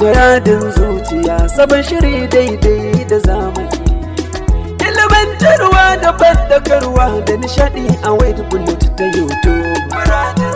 Muradin zuciya sabon shiri daidai da zamani. Ilimantarwa da bandakarwa da nishadi a wayar ta YouTube. Muradin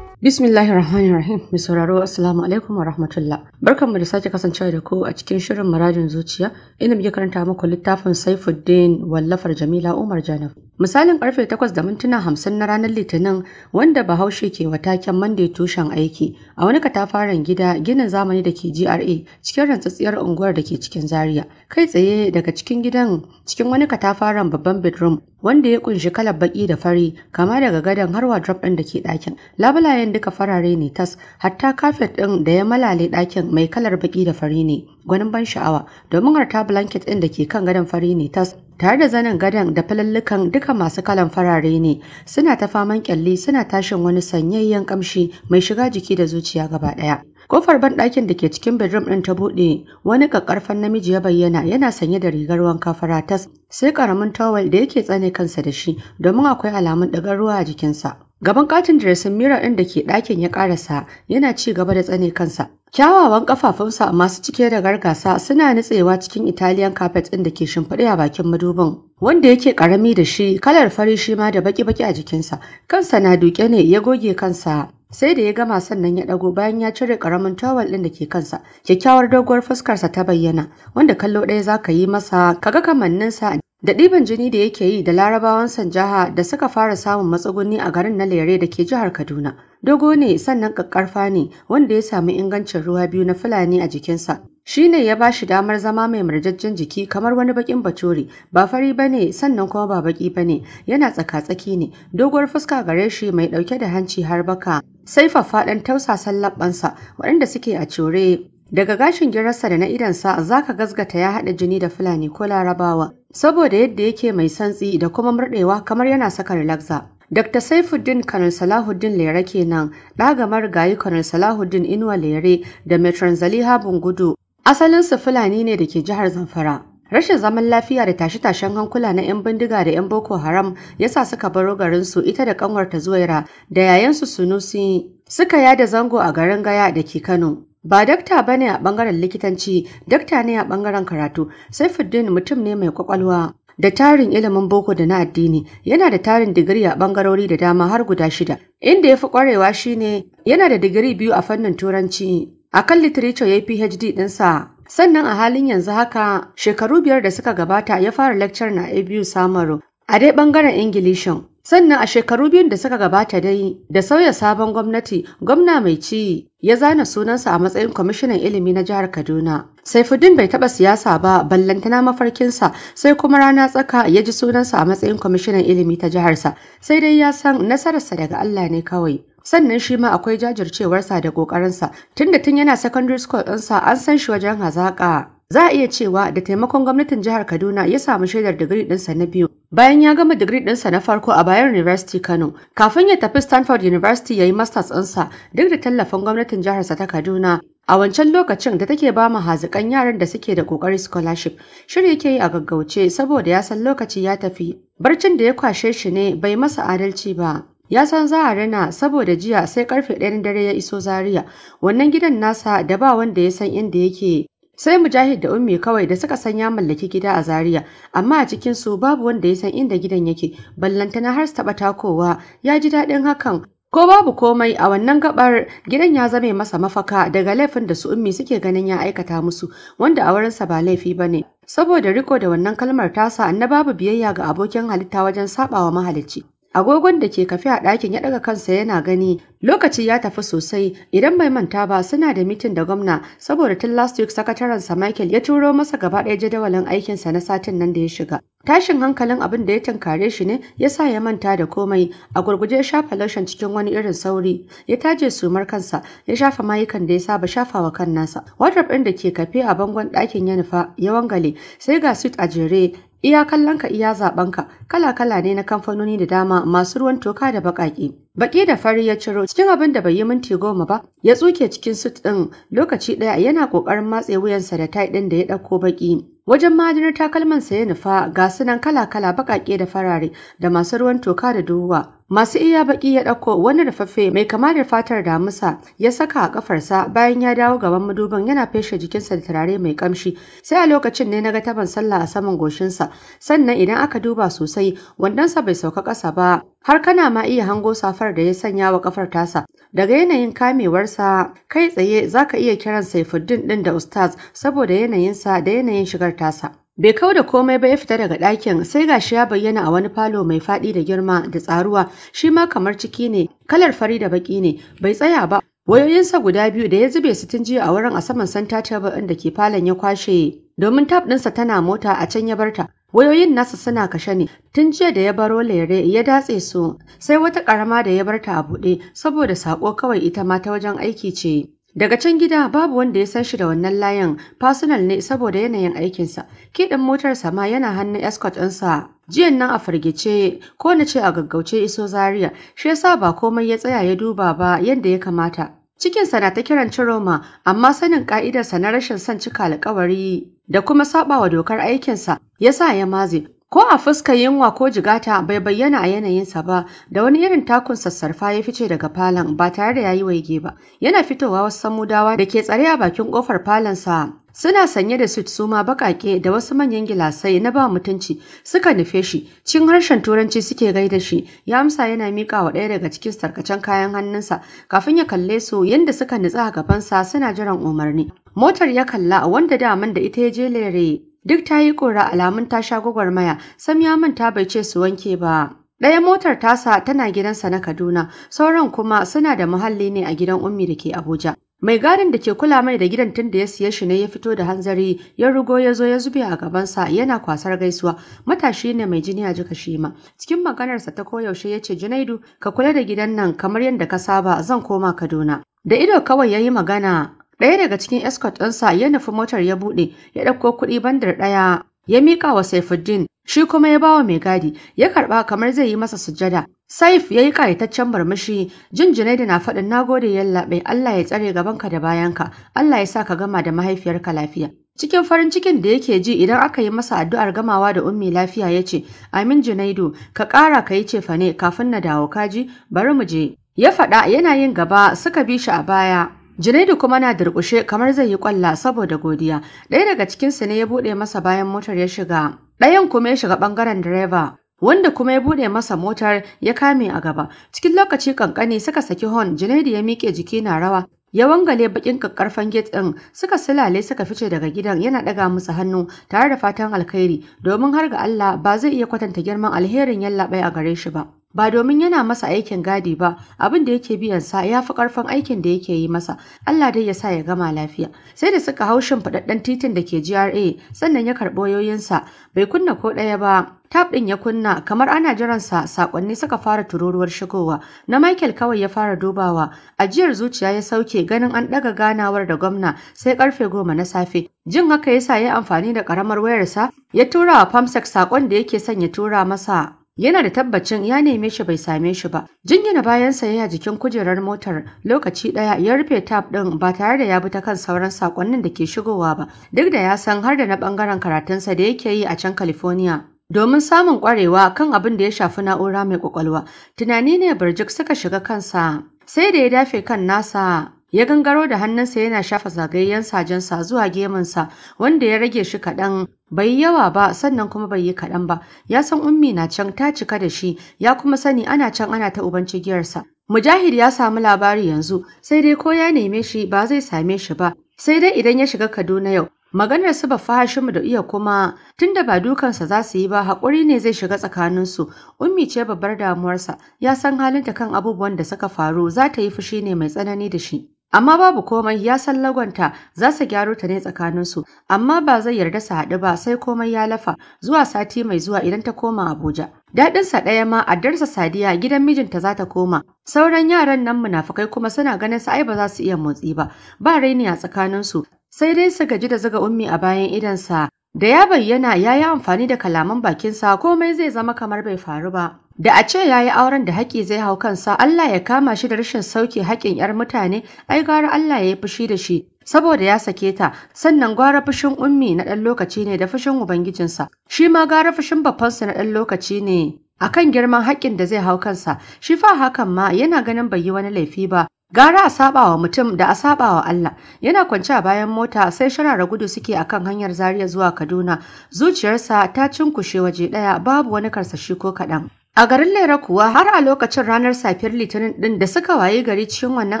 Bismillahir Rahmanir Rahim. Mai sauraro Assalamu alaikum wa rahmatullah. Barkanmu da sake kasancewa da ku a cikin shirin Marajin Zuciya inda muke karanta muku littafin Saifuddin wallafar Jamila Umar Janaf. Misalin karfe takwas da mintuna hamsin na ranar Litinin wanda Bahaushe ke wataken Monday tushen aiki a wani katafaren gida ginin zamani da ke GRA cikin rantsatsiyar unguwar da ke cikin Zaria. Kai tsaye daga cikin gidan cikin wani katafaren babban bedroom wanda ya kunshi kalar baki da fari kama daga gadon har wardrobe ɗin da ke ɗakin labulayen duka farare ne tas hatta kafet ɗin da ya malale ɗakin mai kalar baki da fari ne gwanin ban sha'awa domin harta blanket ɗin da ke kan gadon fari ne tas tare da zanen gadon da falallukan duka masu kalan farare ne suna ta faman kyalli suna tashin wani sanyayyen kamshi mai shiga jiki da zuciya gaba ɗaya Kofar banɗakin da ke cikin bedroom ɗin ta buɗe, wani kakkarfan namiji ya bayyana yana sanye da rigar wanka faratas, sai ƙaramin towel da yake tsane kansa da shi domin akwai alamun ɗagar ruwa a jikinsa. Gaban katin dressing mirror ɗin da ke ɗakin ya ƙarasa yana ci gaba da tsane kansa. Kyawawan ƙafafunsa masu cike da gargasa suna nutsewa cikin Italian carpet ɗin da ke shimfiɗe a bakin madubin. Wanda yake ƙarami da shi, kalar fari shi ma da baki-baki a jikinsa. Kansa na duƙe ne ya goge kansa sai da ya gama sannan ya dago bayan ya cire karamin tawal din da ke kansa kyakkyawar doguwar fuskarsa ta bayyana wanda kallo ɗaya za ka yi masa kaga kamanninsa da ɗiban jini da yake yi da larabawan sanjaha da suka fara samun matsuguni a garin na lere da ke jihar kaduna dogo ne sannan ƙaƙƙarfa ne wanda ya sami ingancin ruwa biyu na fulani a jikinsa shi ne ya ba shi damar zama mai murjajjen jiki kamar wani bakin bature ba fari bane sannan kuma ba baki bane, yana tsaka-tsaki ne doguwar fuska gare shi mai dauke da hanci har baka sai faffaɗan tausasan labbansa waɗanda suke a cure daga gashin girarsa da na idansa ka gasgata ya haɗa jini da fulani ko larabawa saboda yadda yake mai santsi da kuma murɗewa kamar yana saka relaxa Dr. Saifuddin Kanal Salahuddin Lere kenan, ɗagamar gayi Kanal Salahuddin Inuwa Lere da Metron Zaliha Bungudu, asalinsu Fulani ne da ke jihar Zamfara. Rashin zaman lafiya da tashe-tashen hankula na 'yan bindiga da 'yan Boko Haram ya sa suka baro garinsu ita da kanwarta Zuwaira da yayansu Sunusi suka yada zango a garin Gaya da ke Kano. Ba dakta ba ne a bangaren likitanci, dakta ne a bangaren karatu. sai fuddin mutum ne mai kwakwalwa da tarin ilimin boko da na addini, yana da tarin digiri a bangarori da dama har guda shida. Inda ya fi kwarewa shine yana da digiri biyu a fannin Turanci. Akan literature ya yi PhD ɗinsa Sannan a halin yanzu haka shekaru biyar da suka gabata ya fara lecture na ABU Samaru a dai bangaren Ingilishin. Sannan a shekaru biyun da suka gabata dai da sauya sabon gwamnati gwamna mai ci ya zana sunansa a matsayin kwamishinan ilimi na jihar Kaduna. Saifuddin bai taɓa siyasa ba ballantana mafarkinsa sai kuma rana tsaka ya ji sunansa a matsayin kwamishinan ilimi ta jiharsa sai dai ya san nasararsa daga Allah ne kawai. sannan shi ma akwai jajircewarsa da ƙoƙarinsa tunda tun yana secondary school ɗinsa an san shi wajen hazaƙa za a iya cewa da taimakon gwamnatin jihar Kaduna ya samu shaidar digiri ɗinsa na biyu bayan ya gama digiri ɗinsa na farko a Bayero University Kano kafin ya tafi Stanford University ya yi masters ɗinsa duk da tallafin gwamnatin jihar sa ta Kaduna a wancan lokacin da take ba mu hazikan yaran da suke da kokari scholarship shirya yake yi a gaggauce saboda ya san lokaci ya tafi barcin da ya kwashe shi ne bai masa adalci ba ya san za a rana saboda jiya sai karfe ɗaya na dare ya iso Zaria wannan gidan nasa da ba wanda ya san inda yake sai Mujahid da Ummi kawai da suka san ya mallaki gida a Zaria amma a cikin su babu wanda ya san inda gidan yake ballantana har su taba takowa ya ji daɗin hakan Ko babu komai a wannan gabar gidan ya zame masa mafaka daga laifin da su ummi suke ganin ya aikata musu wanda a wurinsa ba laifi ba ne. Saboda riko da wannan kalmar tasa na babu biyayya ga abokin halitta wajen saɓawa mahalicci. agogon da ke kafe a ɗakin ya ɗaga kansa yana gani lokaci ya tafi sosai idan bai manta ba suna da mitin da gwamna saboda tun last week sakataransa michael ya turo masa gaba ɗaya jadawalin aikinsa na satin nan da ya shiga tashin hankalin abin da ya tunkare shi ne ya sa ya manta da komai a gurguje ya shafa lotion cikin wani irin sauri ya taje sumar kansa ya shafa mayukan da ya saba shafawa kan nasa wardrobe ɗin da ke kafe a bangon ɗakin ya nufa ya wangale sai ga suit a jere Iya kallon ka, iya zaɓenka kala-kala ne na kamfanoni da dama masu ruwan toka da baƙaƙe. Baƙi da fari ya ciro cikin abin da bai yi minti goma ba ya tsuke cikin sut ɗin lokaci ɗaya yana ƙoƙarin matse wuyansa da tai ɗin da ya ɗauko baƙi. Wajen ma'ajinar takalman ya nufa ga sunan kala-kala baƙaƙe da farare da masu ruwan toka da duhuwa. masu iya baki ya ɗauko wani rufaffe mai kama da fatar damusa ya saka a kafarsa bayan ya dawo gaban madubin yana feshe jikinsa da turare mai kamshi sai a lokacin ne na ga taban sallah a saman goshinsa sannan idan aka duba sosai wandonsa bai sauka ƙasa ba har kana ma iya hango safar da ya sanya wa kafar tasa daga yanayin kamewarsa kai tsaye zaka iya kiran saifuddin ɗin da ustaz saboda yanayinsa da yanayin shigar tasa Bai kau da komai ba ya fita daga ɗakin sai gashi ya bayyana a wani falo mai faɗi da girma da tsaruwa shi ma kamar ciki ne kalar fari da baki ne bai tsaya ba wayoyinsa guda biyu da ya zube su tun jiya a wurin a saman santa table ɗin da ke falon ya kwashe domin tab ɗinsa tana mota a can ya barta wayoyin nasa suna kashe ne tun jiya da ya baro lere ya datse su sai wata ƙarama da ya barta a buɗe saboda saƙo kawai ita ma ta wajen aiki ce. Daga can gida babu wanda ya san shi da wannan layin personal ne saboda yanayin aikinsa. Kiɗin motarsa ma yana hannun escort ɗinsa jiyan nan a firgice ko na ce a gaggauce iso zaria shi yasa ba komai ya tsaya ya duba ba yadda ya kamata cikinsa na ta kiran ciroma amma sanin sa na rashin son cika alƙawari, da kuma sabawa dokar aikinsa yasa ya maze Ko a fuska yunwa ko jigata bai bayyana a yanayinsa ba, da wani irin takun sassarfa ya fice daga falon ba tare da yayi waige ba. Yana fitowa wasu samudawa da ke tsare a bakin kofar falonsa suna sanye da suit suma bakake da wasu manyan gilasai na ba mutunci suka nufe shi cin harshen turanci suke gaida shi ya amsa yana mika wa ɗaya daga cikin sarkacen kayan hannunsa kafin ya kalle su yadda suka nutsa a gabansa suna jiran umarni motar ya kalla wanda daman da ita ya je lere duk ta yi ƙura alamun ta sha gwagwarmaya sam ya manta bai ce su wanke ba Ɗaya motar tasa tana gidansa na Kaduna, sauran kuma suna da muhalli ne a gidan Ummi da ke Abuja. Mai gadin da ke kula mai da gidan tun da ya siya shi ne ya fito da hanzari ya rugo ya zo ya zube a gabansa yana kwasar gaisuwa matashi ne mai jini a jika shi ma cikin maganarsa ta koyaushe ya ce Junaidu ka kula da gidan nan kamar yadda ka saba zan koma Kaduna da ido kawai ya yi magana Ɗaya daga cikin escort ɗinsa ya nufi motar ya buɗe, ya ɗauko kuɗi bandar ɗaya, ya miƙa wa Saifuddin, shi kuma ya bawa mai gadi, ya karɓa kamar zai yi masa sujjada. Saif ya yi ƙayataccen murmushi, jin Junaidu na faɗin na nagode yallaɓe, Allah ya tsare gabanka da bayanka, Allah ya sa ka gama da mahaifiyarka lafiya. Cikin farin cikin da yake ji idan aka yi masa addu'ar gamawa da ummi lafiya ya ce, Amin Junaidu, ka ƙara ka yi cefane kafin na dawo kaji, bari mu je. Ya faɗa yana yin gaba suka bi shi a baya. Junaidu kuma na durƙushe kamar zai yi kwalla saboda godiya. Ɗaya daga cikinsu ne ya buɗe masa bayan motar ya shiga. Ɗayan kuma ya shiga ɓangaren direba. Wanda kuma ya buɗe masa motar ya kame a gaba. Cikin lokaci kankani suka saki hon, Junaidu ya miƙe jiki na rawa. Ya wangale bakin kakkarfan gate ɗin suka silale suka fice daga gidan yana ɗaga musu hannu tare da fatan alkhairi domin har ga Allah ba zai iya kwatanta girman alherin yallaɓai a gare shi ba. ba domin yana masa aikin gadi ba abin da yake biyan sa ya fi karfin aikin da yake yi masa Allah dai ya sa ya gama lafiya sai da suka hau shimfiɗaɗɗen titin da ke GRA sannan ya karɓo yoyinsa bai kunna ko ɗaya ba tab ɗin ya kunna kamar ana jiran sa sakonni suka fara tururuwar shigowa na Michael kawai ya fara dubawa ajiyar zuciya ya sauke ganin an ɗaga ganawar da gwamna sai karfe goma na safe jin haka yasa ya amfani da karamar wayarsa ya tura wa Famsek sakon da yake son ya tura masa yana da tabbacin ya neme shi bai same shi ba jingina bayan sayayya jikin kujerar motar lokaci daya ya rufe tab din ba tare da ya bi ta kan sauran sakonnin da ke shigowa ba duk da ya san har da na bangaren karatunsa da yake yi a can california domin samun kwarewa kan abin da ya shafi na'ura mai kwakwalwa tunani ne birjik suka shiga kansa sai da ya dafe kan nasa Ya gangaro da hannunsa yana shafa zagayyen sajensa zuwa gemunsa wanda ya rage shi kaɗan bai yawa ba sannan kuma bai yi kaɗan ba ya san ummi na can ta cika da shi ya kuma sani ana can ana ta uban cigiyarsa mujahid ya samu labari yanzu sai dai ko ya neme shi ba zai same shi ba sai dai idan ya shiga kaduna yau maganar su ba fahashin da iya kuma tunda ba dukansa za su yi ba haƙuri ne zai shiga tsakaninsu ummi ce babbar damuwarsa ya san halinta kan abubuwan da suka faru za ta yi fushi ne mai tsanani da shi amma babu komai ya san lagonta za su gyaro ta ne tsakaninsu amma ba zai yarda su haɗu ba sai komai ya lafa zuwa sati mai zuwa idan ta koma Abuja Daɗinsa ɗaya ma addarsa Sadiya gidan mijinta za ta koma. Sauran yaran nan munafukai kuma suna ganin su ai ba za su iya motsi ba. Ba raini a tsakaninsu. Sai dai su gaji da zuga ummi a bayan idansa. Da ya bayyana ya yi amfani da kalaman bakinsa komai zai zama kamar bai faru ba. Da a ce ya yi auren da haƙi zai hau kansa Allah ya kama shi da rashin sauke haƙin 'yar mutane ai gara Allah ya yi fushi da shi saboda ya sake ta sannan gara fushin ummi na ɗan lokaci ne da fushin ubangijinsa shi ma gara fushin babbansa na ɗan lokaci ne A kan girman haƙƙin da zai hau kansa shi fa hakan ma yana ganin bai yi wani laifi ba gara a saba wa mutum da a saba wa Allah yana kwanci a bayan mota sai sharara gudu suke kan hanyar Zaria zuwa Kaduna zuciyarsa ta cinkushe waje ɗaya babu wani karsashi ko kaɗan A garin Lera kuwa har a lokacin ranar safiyar Litinin din da suka waye gari cikin wannan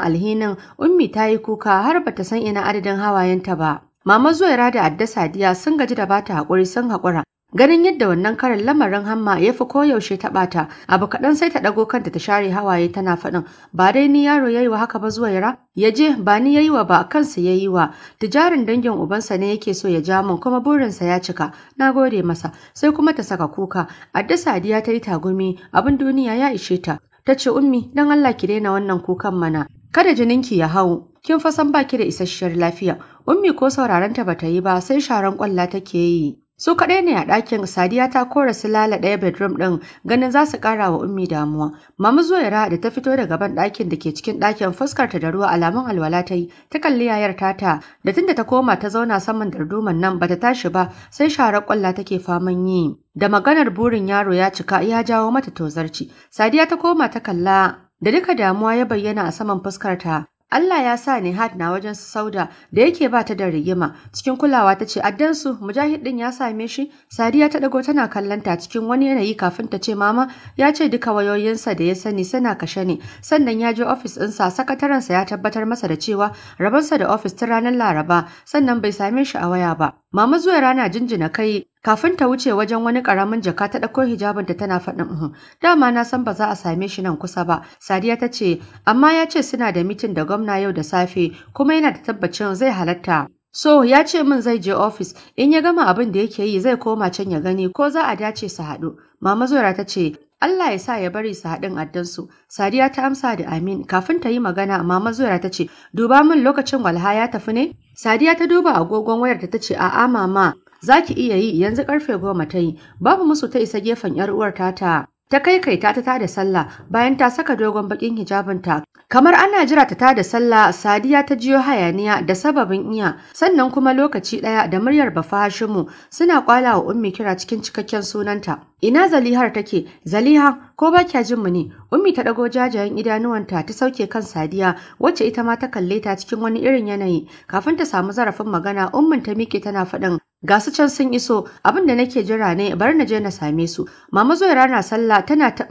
alhinin Ummi ta yi kuka har ba ta san ina adadin hawayenta ba. Mama Zuwaira da Adda Sadiya sun gaji da bata haƙuri sun haƙura Ganin yadda wannan karin lamarin hamma ya fi koyaushe ta ɓata, abu kaɗan sai ta ɗago kanta ta share hawaye tana faɗin, ba dai ni yaro ya yi wa haka ba zuwa yara? Ya je ba ni ya yi wa ba kansa ya yi wa, tijarin dangin ubansa ne yake so ya ja min kuma burinsa ya cika, na gode masa, sai kuma ta saka kuka, adda sadiya ta yi tagumi abin duniya ya ishe ta. Ta ce ummi don Allah ki daina wannan kukan mana, kada jininki ya hau, kin fa san baki da isasshiyar lafiya, ummi ko sauraron ta bata yi ba sai sharan kwalla take yi. Su kaɗai ne a ɗakin Sadiya ta kora silala ɗaya bedroom ɗin ganin za su ƙara wa ummi damuwa. Mama Zuwaira da ta fito daga ban ɗakin da ke cikin ɗakin fuskarta da ruwa alamun alwala ta yi ta kalli yayar tata da tunda ta koma ta zauna saman darduman nan ba ta tashi ba sai sharar ƙwalla take faman yi. Da maganar burin yaro ya cika ya jawo mata tozarci. Sadiya ta koma ta kalla da duka damuwa ya bayyana a saman fuskarta Allah ya sa Nihat na wajen su Sauda da yake ba ta da rigima. Cikin kulawa ta ce addansu Mujahid din ya same shi. Sadiya ta dago tana kallon cikin wani yanayi kafin ta ce mama ya ce duka wayoyinsa da ya sani suna kashe ne. Sannan ya je ofis ɗinsa sakatarensa ya tabbatar masa da cewa rabansa da ofis tun ranar Laraba sannan bai same shi a waya ba. Mama zuwa rana jinjina kai Kafin ta wuce wajen wani karamin jaka ta ɗauko ta tana faɗin uhm, dama na san ba za a same shi nan kusa ba. Sadiya ta ce, amma ya ce suna da mitin da gwamna yau da safe kuma yana da tabbacin zai halatta. So ya ce min zai je ofis in ya gama abin da yake yi zai koma can ya gani ko za a dace su haɗu. Mama Zora ta ce, Allah ya sa ya bari su haɗin addansu. Sadiya ta amsa da amin kafin ta yi magana Mama zuwa ta ce, duba min lokacin walha ya tafi ne? Sadiya ta duba agogon wayar ta ce a'a mama za ki iya yi yanzu karfe goma ta yi babu musu ta isa gefen yar uwar tata ta kai kai ta ta da sallah bayan ta saka dogon bakin hijabinta kamar ana jira ta ta da sallah sadiya ta jiyo hayaniya da sababin iya sannan kuma lokaci daya da muryar bafa hashimu suna kwala wa ummi kira cikin cikakken sunanta ina zalihar take zaliha ko ba kya jin mu ne ummi ta dago jajayen idanuwanta ta sauke kan sadiya wacce ita ma ta kalle ta cikin wani irin yanayi kafin ta samu zarafin magana ummin ta miƙe tana faɗin Ga su can sun iso, abin da nake jira ne bar na je na same su. Mama Zoyara na sallah tana ta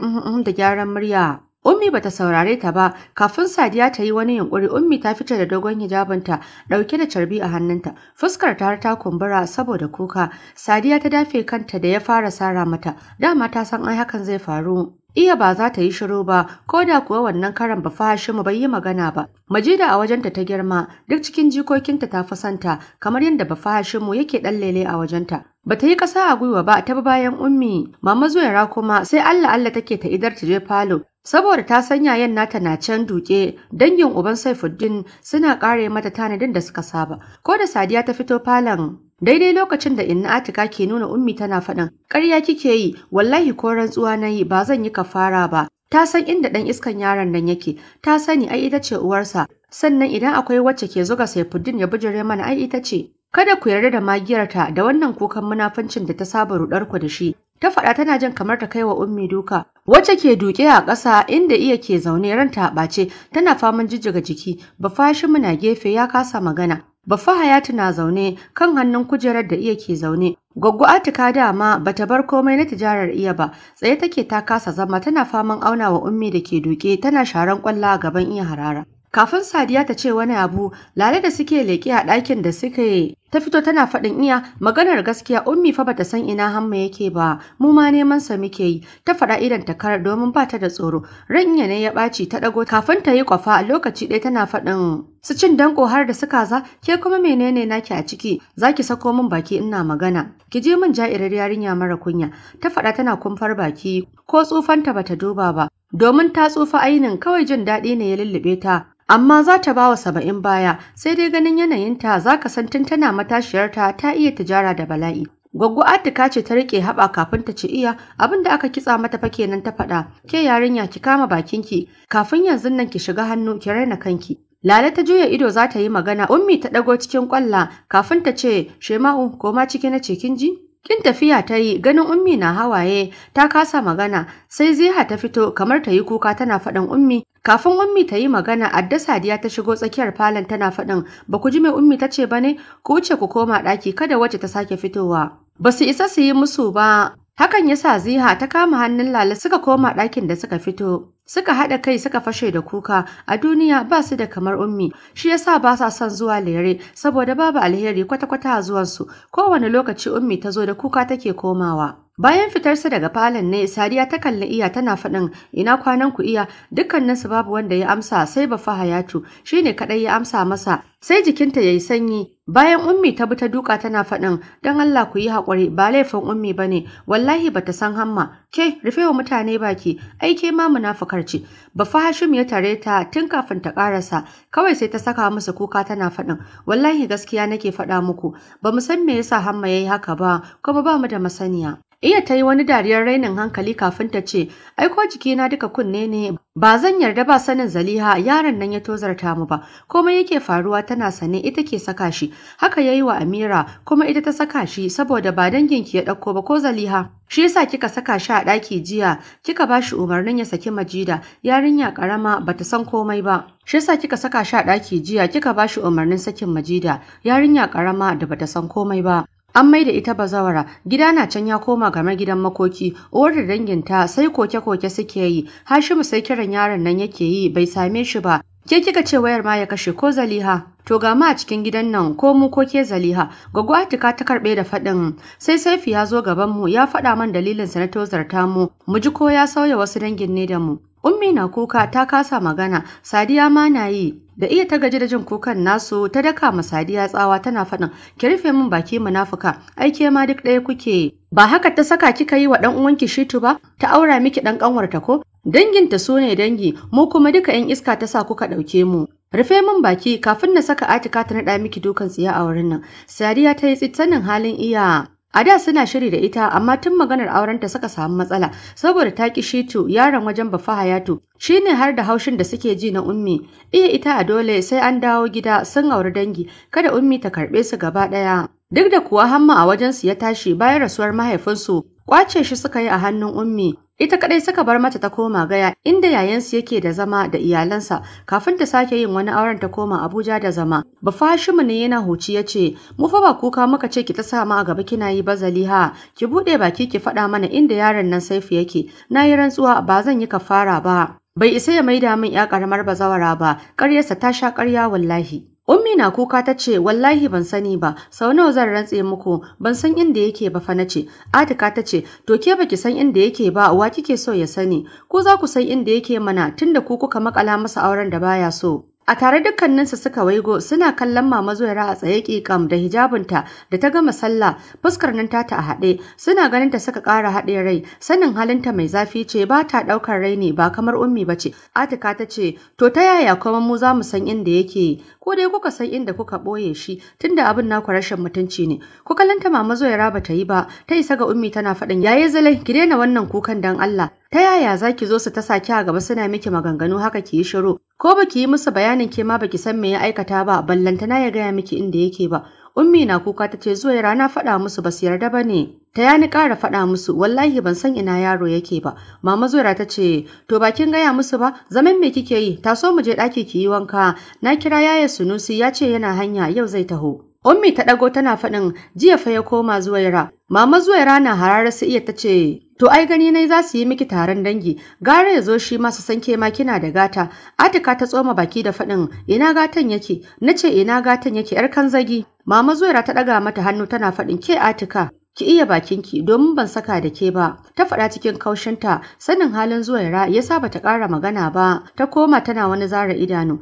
da gyaran murya. Ummi bata saurare ta ba, kafin Sadiya ta yi wani yunkuri Ummi ta fice da dogon hijabinta dauke da carbi a hannunta. Fuskar ta har ta kumbura saboda kuka. Sadiya ta dafe kanta da ya fara sara mata. Dama ta san ai hakan zai faru. Iya ba za ta yi shiru ba, ko da kuwa wannan karan ba mu bai yi magana ba. Majida a wajenta ta girma, duk cikin jikokinta ta fi santa, kamar yadda ba mu yake ɗan lele a wajenta. Ba ta yi ƙasa a gwiwa ba, ta bi bayan ummi, mama zuwa kuma sai Allah Allah take ta idar ta je falo, saboda ta san yayan nata na can duke dangin uban Saifuddin suna kare mata tanadin da suka saba ko da Sadiya ta fito falon Daidai lokacin da Inna Atika ke nuna Ummi tana faɗin, "Ƙarya kike yi, wallahi ko rantsuwa na yi ba zan yi ka fara ba." Ta san inda ɗan iskan yaron nan yake, ta sani ai ita ce uwarsa, sannan idan akwai wacce ke zuga Saifuddin ya bijire mana ai ita ce. Kada ku yarda da magiyarta da wannan kukan munafancin da ta saba rudar ku da shi. Ta faɗa tana jin kamar ta kai wa ummi duka, wacce ke duke a ƙasa inda iya ke zaune ranta ɓace, tana faman jijjiga jiki, ba fashi muna gefe ya kasa magana. Baffa Hayatu na zaune kan hannun kujerar da iya ke zaune. Goggo Atika dama ta bar komai na tijarar iya ba, tsaye take ta kasa zama tana faman auna wa ummi da ke doke, tana sharan kwalla gaban iya harara. Kafin Sadiya ta ce wani abu, lale da suke leƙe a ɗakin da suke Ta fito tana faɗin iya maganar gaskiya ummi fa bata san ina hamma yake ba mu ma neman sa muke yi ta faɗa idan ta kar domin bata da tsoro ran iya ne ya ɓaci ta ɗago kafin ta yi kwafa a lokaci ɗaya tana faɗin su cin danko har da su kaza ke kuma menene naki a ciki zaki sako min baki ina magana ki je min ja'irar yarinya mara kunya ta faɗa tana kumfar baki ko tsufanta bata duba ba domin ta tsufa ainin kawai jin daɗi ne ya lullube ta amma za ta ba wa saba'in baya sai dai ganin yanayinta za ka san tun tana matashiyarta ta iya tijara da bala'i. Gwaggo Atika ce ta rike haɓa kafin ta ci iya abin da aka kitsa mata fa kenan ta faɗa. Ke yarinya ki kama bakinki kafin yanzu nan ki shiga hannu ki raina kanki. Lale ta juya ido za ta yi magana, Ummi ta ɗago cikin ƙwalla kafin ta ce, Shema'u, koma ciki na ce kin ji? Kin tafiya ta yi ganin ummi na hawaye ta kasa magana sai Ziha ta fito kamar ta yi kuka tana faɗin ummi kafin ummi ta yi magana adda Sadiya ta shigo tsakiyar falon tana faɗin ba ku ji mai ummi ta ce ba ne ku wuce ku koma ɗaki kada wacce ta sake fitowa. Ba su isa su yi musu ba hakan ya sa Ziha ta kama hannun Lala suka koma ɗakin da suka fito. Suka haɗa kai suka fashe da kuka a duniya ba su da kamar ummi shi yasa ba sa son zuwa lere saboda babu alheri kwata-kwata a zuwansu kowane lokaci ummi ta zo da kuka take komawa. Bayan fitarsa daga falon ne Sadiya ta kalli iya tana faɗin ina kwanan ku iya dukkaninsu babu wanda ya amsa sai bafa Hayatu ne kaɗai ya amsa masa sai jikinta ya yi sanyi bayan ummi ta bi ta duka tana faɗin don Allah ku yi haƙuri, ba laifin ummi ba ne. wallahi ba ta san hamma ke rufe wa mutane baki Aike ma munafukar ce bafa Hashim ya tare ta tun kafin ta karasa kawai sai ta saka musu kuka tana faɗin wallahi gaskiya nake faɗa muku ba mu san me yasa hamma ya yi haka ba kuma ba mu da masaniya Iya ta yi wani dariyar rainin hankali kafin ta ce, Aiko jikina duka kunne ne, ba zan yarda ba sanin Zaliha yaron nan ya tozarta mu ba, komai yake faruwa tana sane ita ke saka shi, haka ya yi wa Amira kuma ita ta saka shi saboda ba danginki ya ɗauko ba ko Zaliha. Shi yasa kika saka shi a ɗaki jiya, kika ba shi umarnin ya saki Majida, yarinya ƙarama bata san komai ba. Shi yasa kika saka shi a ɗaki jiya, kika ba shi umarnin sakin Majida, yarinya ƙarama da bata san komai ba. An mai da ita bazawara, gida na can ya koma game gidan makoki, uwar da danginta sai koke-koke suke yi, Hashimu sai kiran yaron nan yake yi bai same shi ba, ke kika ce wayar ma ya kashe ko zaliha to ga ma a cikin gidan nan ko mu ko ke zaliha gwaggo atika ta karɓe da faɗin. sai saifi ya zo gaban mu ya faɗa man dalilin sa na tozarta mu mu ji ko ya sauya wasu dangin ne da mu Ummi na kuka ta kasa magana, Sadiya ma na yi. Da iya ta gaji da jin kukan nasu ta daka ma Sadiya tsawa tana faɗin, ki rufe min baki munafuka, aike ma duk ɗaya kuke. Ba haka ta saka kika yi wa ɗan uwanki shitu ba, ta aura miki ɗan ƙanwarta ko? Danginta su ne dangi, mu kuma duka 'yan iska ta sa kuka ɗauke mu. Rufe min baki kafin na saka atika ta naɗa miki dukan tsiya a wurin nan. Sadiya ta yi tsitsanin halin iya. A da suna shiri da ita amma tun maganar aurenta suka samu matsala saboda ta ki Shitu yaron wajen Bafa Hayatu shine har da haushin da suke ji na Ummi. Iya ita a dole sai an dawo gida sun auri dangi kada Ummi ta karbe su gaba daya. Duk da kuwa Hamma a wajen su ya tashi bayan rasuwar mahaifinsu kwace shi suka yi a hannun Ummi Ita kadai suka bar mata ta koma gaya inda yayansu yake da zama da iyalansa kafin ta sake yin wani auren ta koma Abuja da zama. Bafashimu ne yana huci ya ce, "Mu fa ba kuka muka ce ki ta sa ma a gaba kina yi bazali ha, ki bude baki ki faɗa mana inda yaron nan Saifu yake. Na yi rantsuwa ba zan yi kafara ba." Bai isa ya maida min ya karamar bazawara ba, ƙaryarsa ta sha ƙarya wallahi. Ummi na kuka ta ce wallahi ban sani ba sau nawa zan rantse muku ban san inda yake ba fa nace Atika ta ce to ke baki san inda yake ba wa kike so ya sani ko za ku san inda yake mana tunda ku kuka makala masa auren da baya so A tare dukkaninsu suka waigo suna kallon Mama Zuwaira a tsaye kikam da hijabinta da ta gama sallah fuskar nan ta a haɗe suna ganin ta suka kara haɗe rai sanin halinta mai zafi ce ba ta ɗaukar rai ne ba kamar ummi ba ce. Atika ta ce to ta yaya kuma mu za mu san inda yake ko dai kuka san inda kuka ɓoye shi tunda abin naku rashin mutunci ne. Ku kallon Mama Zuwaira ba ta yi ba ta isa ga ummi tana faɗin yaye zalai ki daina wannan kukan dan Allah Ta yaya za ki zo su ta saki a gaba suna miki maganganu haka ki yi shiru? Ko ba ki yi musu bayanin ke ma ba ki san me ya aikata ba, ballantana ya gaya miki inda yake ba. Ummi na kuka ta ce zuwa rana faɗa musu ba su yarda ba ne. Ta yani ƙara faɗa musu wallahi ban san ina yaro yake ba. Mama Zuwaira ta ce to ba kin gaya musu ba zaman me kike yi taso mu je ɗaki ki yi wanka na kira yaya Sunusi ya ce yana hanya yau zai taho. Ummi ta ɗago tana faɗin jiya fa ya koma Zuwaira. Mama Zuwaira na hararar su iya ta ce To ai gani nai za su yi miki taron dangi, gara ya zo shi masu su san ke ma kina da gata. Atika ta tsoma baki da faɗin ina gatan yake, na ce ina gatan yake ‘yar kan zagi? Mama Zuwaira ta ɗaga mata hannu tana faɗin ke Atika, ki iya bakinki domin ban saka da ke ba ta faɗa cikin kaushinta sanin halin zuwaira ya sa bata ƙara magana ba ta koma tana wani zara idanu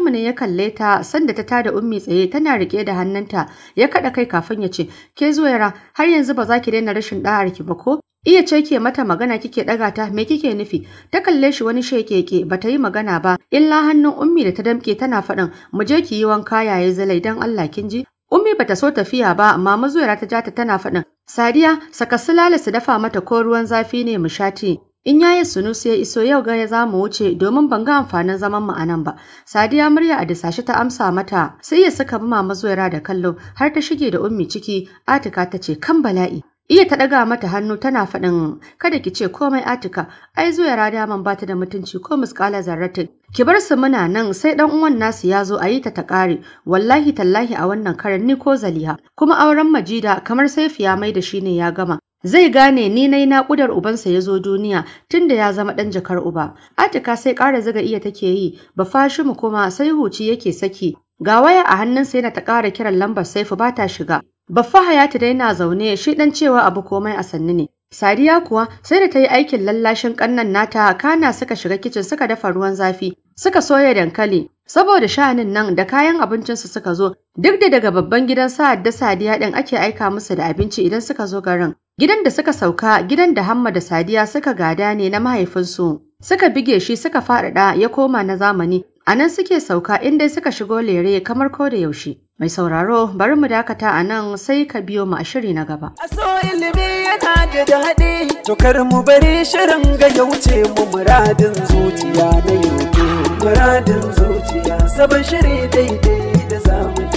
mu ne ya kalle ta sanda ta tada ummi tsaye tana rike da hannunta ya kaɗa kai kafin ya ce ke zuwaira har yanzu ba za ki daina rashin ɗa'arki ba ko Iya ce ke mata magana kike ɗaga ta me kike nufi ta kalle shi wani shekeke bata yi magana ba illa hannun ummi da ta damke tana faɗin mu je ki yi wanka yayi zalai dan Allah kin ji Ummi bata so tafiya ba amma mazuwara ta jata tana faɗin. Sadiya saka sulala su dafa mata ko ruwan zafi ne mu shati. In yayi sunusi sai iso yau ga za mu wuce domin ban ga amfanin zaman mu anan ba. Sadiya murya a disashi ta amsa mata sai ya saka mama mazuwara da kallo har ta shige da ummi ciki Atika ta ce kan bala'i. Iya ta ɗaga mata hannu tana faɗin kada ki ce komai Atika, ai zuwa daman ba ta da mutunci ko muskala zarrata. Ki bar su muna nan sai ɗan uwan nasu ya zo a yi ta ta ƙare, wallahi tallahi a wannan karan ni ko zaliha. Kuma auren majida kamar saifi ya mai da shi ne ya gama. Zai gane ni na ƙudar naƙudar ubansa ya zo duniya tunda ya zama ɗan jakar uba. Atika sai ƙara zaga iya take yi, ba fashi mu kuma sai huci yake saki. Ga waya a hannunsa yana ta ƙara kiran lambar saifu ba ta shiga. Baffa Hayatu dai na zaune shi dan cewa abu komai a sanni ne. Sadiya kuwa sai da ta yi aikin lallashin kannan nata kana suka shiga kicin suka dafa ruwan zafi suka soya dankali saboda sha'anin nan da kayan abincin su suka zo duk da daga babban gidan sa'ad da Sadiya din ake aika musu da abinci idan suka zo garin. Gidan da suka sauka gidan da Hamma da Sadiya suka gada ne na mahaifinsu. Suka bige shi suka faɗaɗa ya koma na zamani a nan suke sauka inda suka shigo lere kamar ko da yaushe. Mai sauraro bari mu dakata a nan sai ka biyo mu a shiri na gaba. A so ilimi yana da daɗi, kar mu bari shirin ga ya wuce mu muradin zuciya na yanzu. Muradin zuciya sabon shiri daidai da zamani.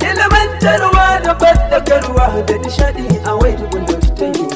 Ilimantarwa da fadakarwa da nishaɗi a wai da ta